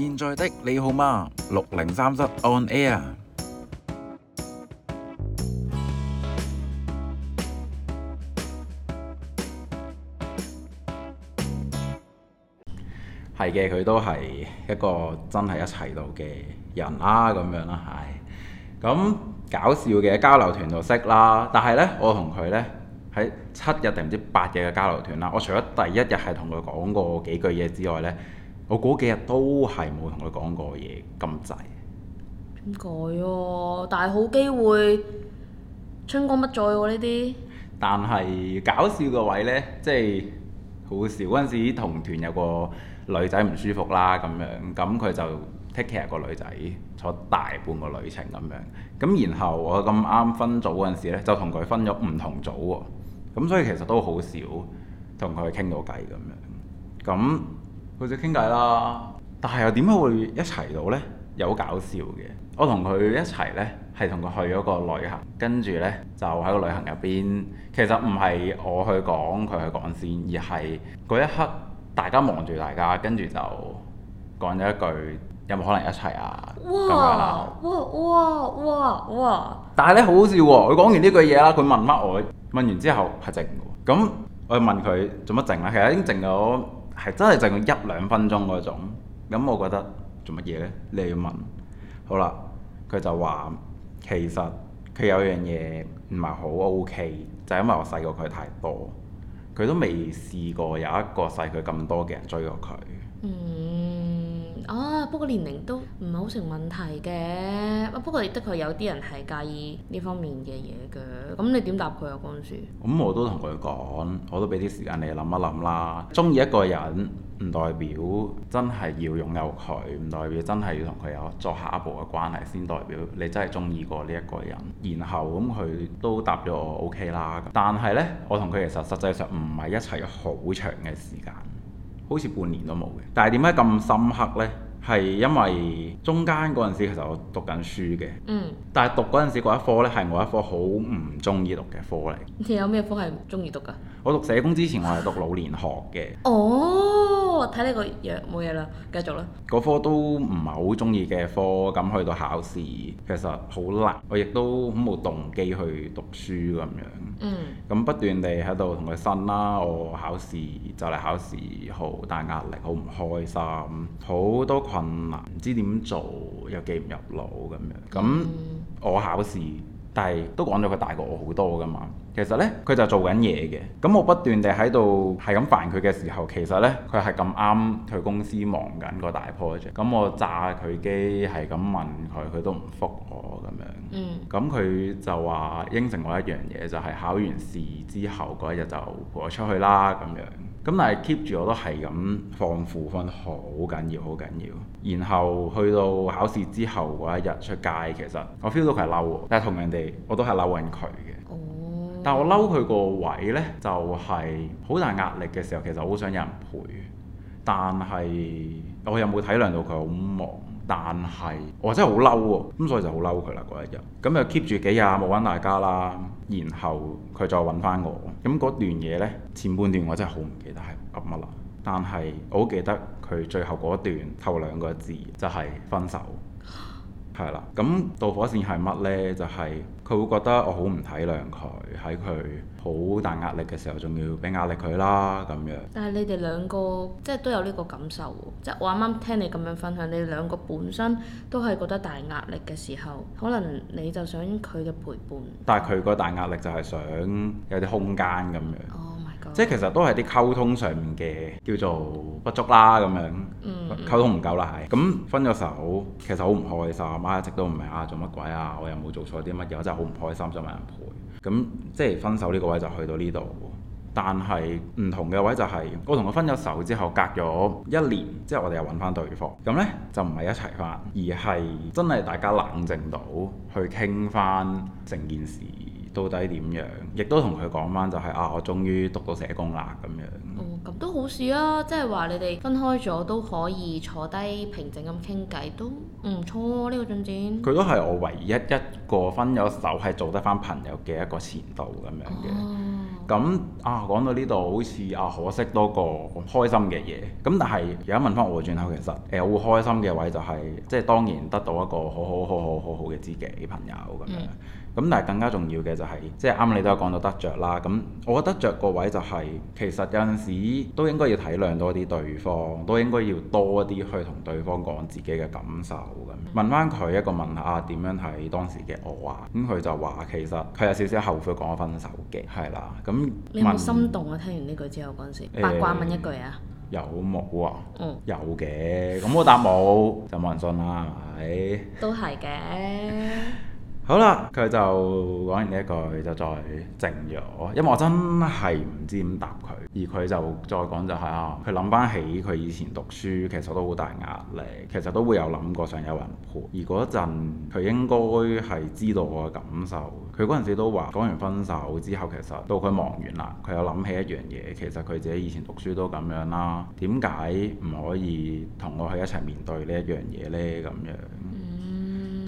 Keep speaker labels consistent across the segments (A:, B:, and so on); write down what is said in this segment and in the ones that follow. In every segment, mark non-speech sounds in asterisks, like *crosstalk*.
A: 現在的你好嗎？六零三室 on air，係嘅，佢都係一個真係一齊到嘅人啦，咁樣啦，係。咁搞笑嘅交流團就識啦，但係呢，我同佢呢喺七日定唔知八日嘅交流團啦，我除咗第一日係同佢講過幾句嘢之外呢。我嗰幾日都係冇同佢講過嘢咁滯。
B: 點解？但大好機會，春光乜在喎呢啲？
A: 但係搞笑嘅位呢，即係好少。嗰陣時同團有個女仔唔舒服啦，咁樣咁佢就 take care 個女仔坐大半個旅程咁樣。咁然後我咁啱分組嗰陣時咧，就同佢分咗唔同組喎、哦。咁所以其實都好少同佢傾到偈咁樣。咁佢就傾偈啦，但係又點解會一齊到呢？有搞笑嘅，我同佢一齊呢，係同佢去咗個旅行，跟住呢，就喺個旅行入邊，其實唔係我去講佢去講先，而係嗰一刻大家望住大家，跟住就講咗一句：有冇可能一齊啊？咁
B: 哇樣啦，哇哇哇
A: 但係呢，好好笑喎、哦，佢講完呢句嘢啦，佢問乜我，問完之後係靜嘅。咁我問佢做乜靜呀？其實已經靜咗。係真係淨係一兩分鐘嗰種，咁我覺得做乜嘢呢？你要問，好啦，佢就話其實佢有樣嘢唔係好 OK，就係因為我細過佢太多，佢都未試過有一個細佢咁多嘅人追過佢。
B: 嗯啊，不過年齡都唔係好成問題嘅，啊，不過亦的確有啲人係介意呢方面嘅嘢嘅。咁你點答佢啊，嗰陣時？
A: 咁我都同佢講，我都俾啲時間你諗一諗啦。中意一個人唔代表真係要擁有佢，唔代表真係要同佢有做下一步嘅關係，先代表你真係中意過呢一個人。然後咁佢、嗯、都答咗我 O、OK、K 啦。但係呢，我同佢其實實際上唔係一齊好長嘅時間。好似半年都冇嘅，但係點解咁深刻呢？係因為中間嗰陣時其實我讀緊書嘅，嗯，但係讀嗰陣時嗰一科呢，係我一科好唔中意讀嘅科嚟。
B: 你有咩科係唔中意讀噶？
A: 我讀社工之前我係讀老年學嘅。哦。
B: *laughs* *laughs* oh. 我睇你、呢個樣冇嘢啦，繼續啦。
A: 嗰科都唔係好中意嘅科，咁去到考試其實好難。我亦都冇動機去讀書咁樣。嗯。咁不斷地喺度同佢呻啦，我考試就嚟考試，好大壓力，好唔開心，好多困難，唔知點做，又記唔入腦咁樣。咁、嗯、我考試，但係都講咗佢大過我好多㗎嘛。其實呢，佢就做緊嘢嘅。咁我不斷地喺度係咁煩佢嘅時候，其實呢，佢係咁啱佢公司忙緊個大 project。咁我炸佢機係咁問佢，佢都唔覆我咁樣。嗯。咁佢就話應承我一樣嘢，就係考完試之後嗰一日就陪我出去啦咁樣。咁但係 keep 住我都係咁放負分，好緊要，好緊要。然後去到考試之後嗰一日出街，其實我 feel 到佢係嬲，但係同人哋我都係嬲緊佢嘅。嗯。但我嬲佢個位呢，就係、是、好大壓力嘅時候，其實好想有人陪。但係我又冇體諒到佢好忙。但係我真係好嬲喎，咁所以就好嬲佢啦嗰一日。咁又 keep 住幾日冇揾大家啦，然後佢再揾翻我。咁嗰段嘢呢，前半段我真係好唔記得係噏乜啦。但係我好記得佢最後嗰段，頭兩個字就係、是、分手。係啦，咁導火線係乜呢？就係佢會覺得我好唔體諒佢，喺佢好大壓力嘅時候，仲要俾壓力佢啦咁樣。
B: 但係你哋兩個即係都有呢個感受喎，即係我啱啱聽你咁樣分享，你哋兩個本身都係覺得大壓力嘅時候，可能你就想佢嘅陪伴。
A: 但係佢個大壓力就係想有啲空間咁樣。哦。即係其實都係啲溝通上面嘅叫做不足啦，咁樣溝通唔夠啦，係咁分咗手，其實好唔開心啊！一直都唔明啊，做乜鬼啊？我又冇做錯啲乜嘢，我真係好唔開心，就冇人陪。咁即係分手呢個位就去到呢度，但係唔同嘅位就係我同佢分咗手之後，隔咗一年之後，我哋又揾翻對方，咁呢就唔係一齊翻，而係真係大家冷靜到去傾翻成件事。到底點樣？亦都同佢講翻就係、是、啊，我終於讀到社工啦咁樣。
B: 哦，咁都好事啊！即係話你哋分開咗都可以坐低平靜咁傾偈，都唔錯、啊。呢、這個進展。佢
A: 都係我唯一一個分咗手係做得翻朋友嘅一個前度咁樣嘅。哦。咁啊，講到呢度好似啊，可惜多個開心嘅嘢。咁、嗯、但係而家問翻我轉頭，其實誒、呃、會開心嘅位就係、是、即係當然得到一個好好好好好好嘅知己朋友咁樣。嗯咁、嗯、但係更加重要嘅就係、是，即係啱啱你都有講到「得着」啦。咁我覺得「着」個位就係、是，其實有陣時都應該要體諒多啲對方，都應該要多啲去同對方講自己嘅感受，咁問翻佢一個問一下點樣喺當時嘅我話、啊，咁、嗯、佢就話其實佢有少少後悔講分手嘅，係啦。咁你有冇心
B: 動啊？聽完呢句之後嗰陣時，欸、八卦問一句啊，
A: 有冇啊？嗯、有嘅。咁我答冇， *laughs* 就冇人信啦，係咪？
B: 都係是嘅。 *laughs*
A: 好啦，佢就講完呢一句就再靜咗，因為我真係唔知點答佢。而佢就再講就係啊，佢諗翻起佢以前讀書，其實都好大壓力，其實都會有諗過想有人陪。而嗰陣佢應該係知道我嘅感受，佢嗰陣時都話講完分手之後，其實到佢忙完啦，佢又諗起一樣嘢，其實佢自己以前讀書都咁樣啦，點解唔可以同我去一齊面對呢一樣嘢呢？咁樣。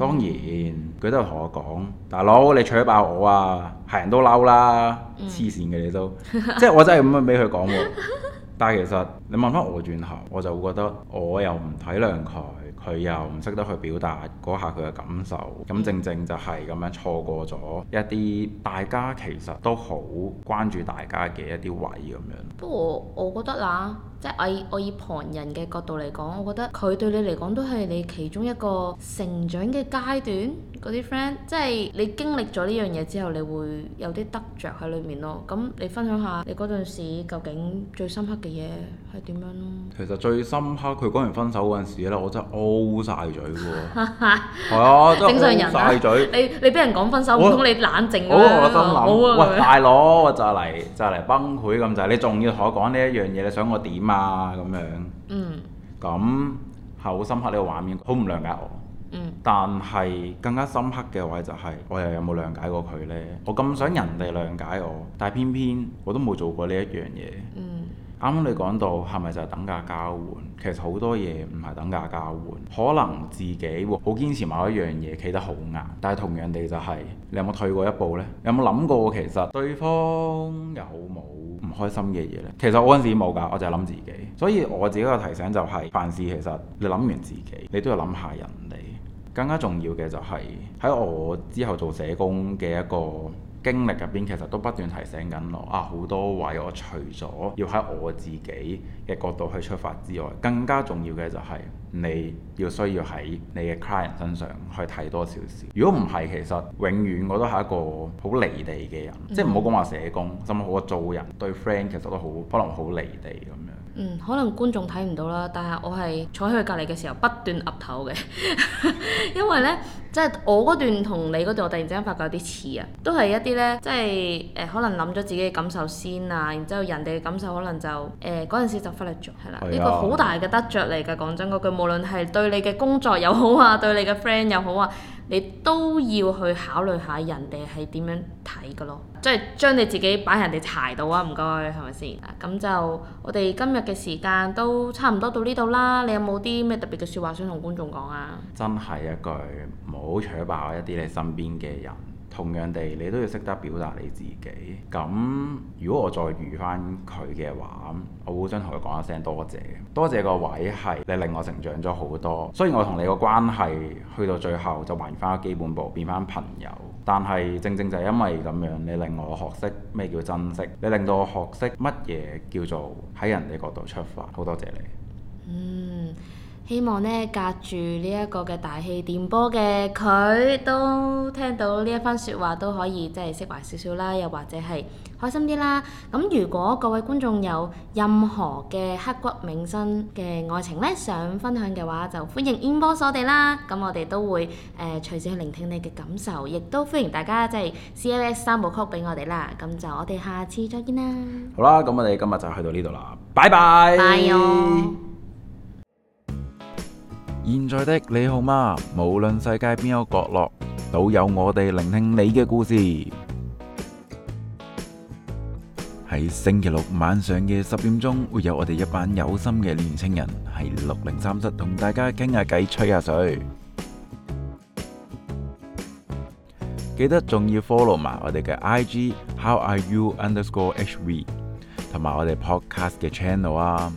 A: 當然，佢都有同我講：大佬，你娶爆我啊！係人都嬲啦，黐線嘅你都，即係我真係咁樣俾佢講喎。但其實。你問翻我轉頭，我就會覺得我又唔體諒佢，佢又唔識得去表達嗰下佢嘅感受，咁正正就係咁樣錯過咗一啲大家其實都好關注大家嘅一啲位咁樣。
B: 不過我我覺得啦，即係我，我以旁人嘅角度嚟講，我覺得佢對你嚟講都係你其中一個成長嘅階段嗰啲 friend，即係你經歷咗呢樣嘢之後，你會有啲得着喺裡面咯。咁你分享下你嗰陣時究竟最深刻嘅嘢係？點樣咯？
A: 其實最深刻，佢講完分手嗰陣時咧，我真係 O 晒嘴
B: 嘅喎，係 *laughs* 啊，正常人啊，嘴，你你俾人講分手，我唔通、哦、你冷靜嘅咩？好啊、哦，我心諗，哦、喂，他大
A: 佬我就嚟就嚟崩潰咁就，你仲要同我講呢一樣嘢，你想我點啊？咁樣，嗯、樣，嗯，咁係好深刻呢個畫面，好唔諒解我，嗯，但係更加深刻嘅位就係、是，我又有冇諒解過佢咧？我咁想人哋諒解我，但係偏偏我都冇做過呢一樣嘢，嗯。啱啱你講到係咪就係等價交換？其實好多嘢唔係等價交換，可能自己好堅持某一樣嘢企得好硬，但係同樣地就係你有冇退過一步呢？有冇諗過其實對方有冇唔開心嘅嘢呢？其實我嗰陣時冇㗎，我就係諗自己。所以我自己嘅提醒就係，凡事其實你諗完自己，你都要諗下人哋。更加重要嘅就係喺我之後做社工嘅一個經歷入邊其實都不斷提醒緊我啊，好多位，我除咗要喺我自己嘅角度去出發之外，更加重要嘅就係、是，你要需要喺你嘅 client 身上去睇多少少。如果唔係其實永遠我都係一個好離地嘅人，嗯、即係唔好講話社工，甚至乎我做人對 friend 其實都好，可能好離地咁
B: 樣，嗯，可能觀眾睇唔到啦，但係我係坐喺佢隔離嘅時候不斷岌頭嘅， *laughs* 因為咧即係我嗰段同你嗰段，我突然之間發覺有啲似啊，都係一啲咧即係誒可能諗咗自己嘅感受先啊，然之後人哋嘅感受可能就誒嗰陣時，就忽略咗，係啦，呢的個好大嘅得着嚟，嘅講真嗰句。無論係對你嘅工作又好啊，對你嘅 friend 又好啊，你都要去考慮下人哋係點樣睇㗎囉，即係將你自己把人哋踩到啊，唔該，係咪先？咁就我哋今日嘅時間都差唔多到呢度啦，你有冇啲咩特別嘅說話想同觀眾講啊？
A: 真係一句，唔好取爆一啲你身邊嘅人。同樣地，你都要識得表達你自己。咁如果我再遇翻佢嘅話，我會想同佢講一聲多謝，多謝個位係你令我成長咗好多。雖然我同你個關係去到最後就還翻基本步變翻朋友，但係正正就係因為咁樣，你令我學識咩叫珍惜，你令到我學識乜嘢叫做喺人哋角度出發。好多謝你。嗯。
B: 希望呢隔住呢一個嘅大氣電波嘅，佢都聽到呢一番説話，都可以即係釋懷少少啦，又或者係開心啲啦。咁如果各位觀眾有任何嘅刻骨銘心嘅愛情呢，想分享嘅話，就歡迎 inbox 我哋啦。咁我哋都會誒隨時去聆聽你嘅感受，亦都歡迎大家即係 CLS 三部曲俾我哋啦。咁就我哋下次再見啦。
A: 好啦，咁我哋今日就去到呢度啦，拜
B: 拜。拜。
A: 現在的你好嗎？無論世界邊個角落，都有我哋聆聽你嘅故事。喺星期六晚上嘅十點鐘，會有我哋一班有心嘅年輕人喺六零三室同大家傾下偈、吹下水。記得仲要 follow 埋我哋嘅 IG How Are You Underscore HV，同埋我哋 Podcast 嘅 channel 啊！